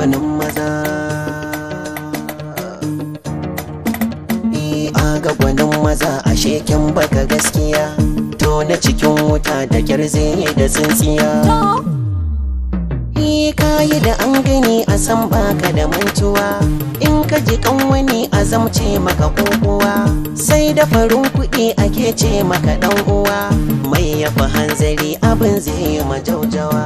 gwanin maza ga gwanin maza a sheken baka gaskiya to na cikin wuta da zai da tsintsiya kayi da an gani a san baka da mantuwa in ka ji kan wani a zamce maka kokowa sai da farin kuɗi ake ce maka ɗan uwa mai yafi hanzari abin zai yi majaujawa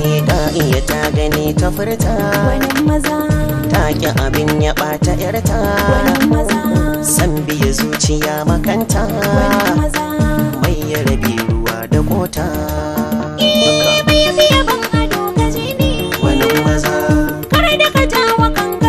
gani da iya ta gani ta furta ta ki abin ya bata yarta san biya zuciya makanta mai ya rabi ruwa da kota eh, wani maza kar da ka kanka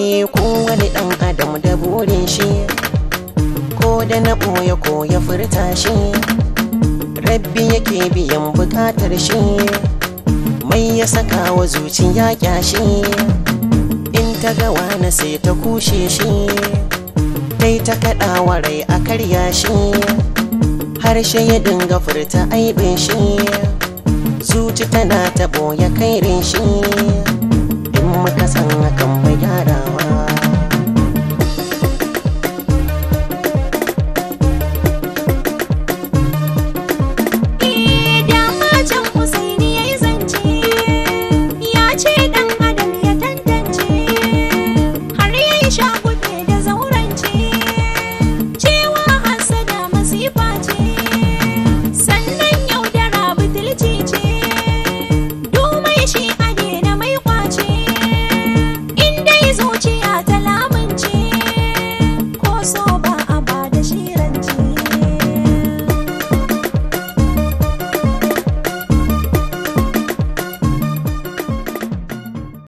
Eh kowane ɗan adam da burin shi Ko da na ɓoye ko ya furta shi Rabbi yake biyan bukatar shi Mai ya saka wa zuciya kyashi In ta gawa na sai ta kushe shi Tai ta kaɗawa rai a karya shi Harshe ya dinga furta aibin shi Zuci tana taɓo ya kairin shi In muka san hakan bayan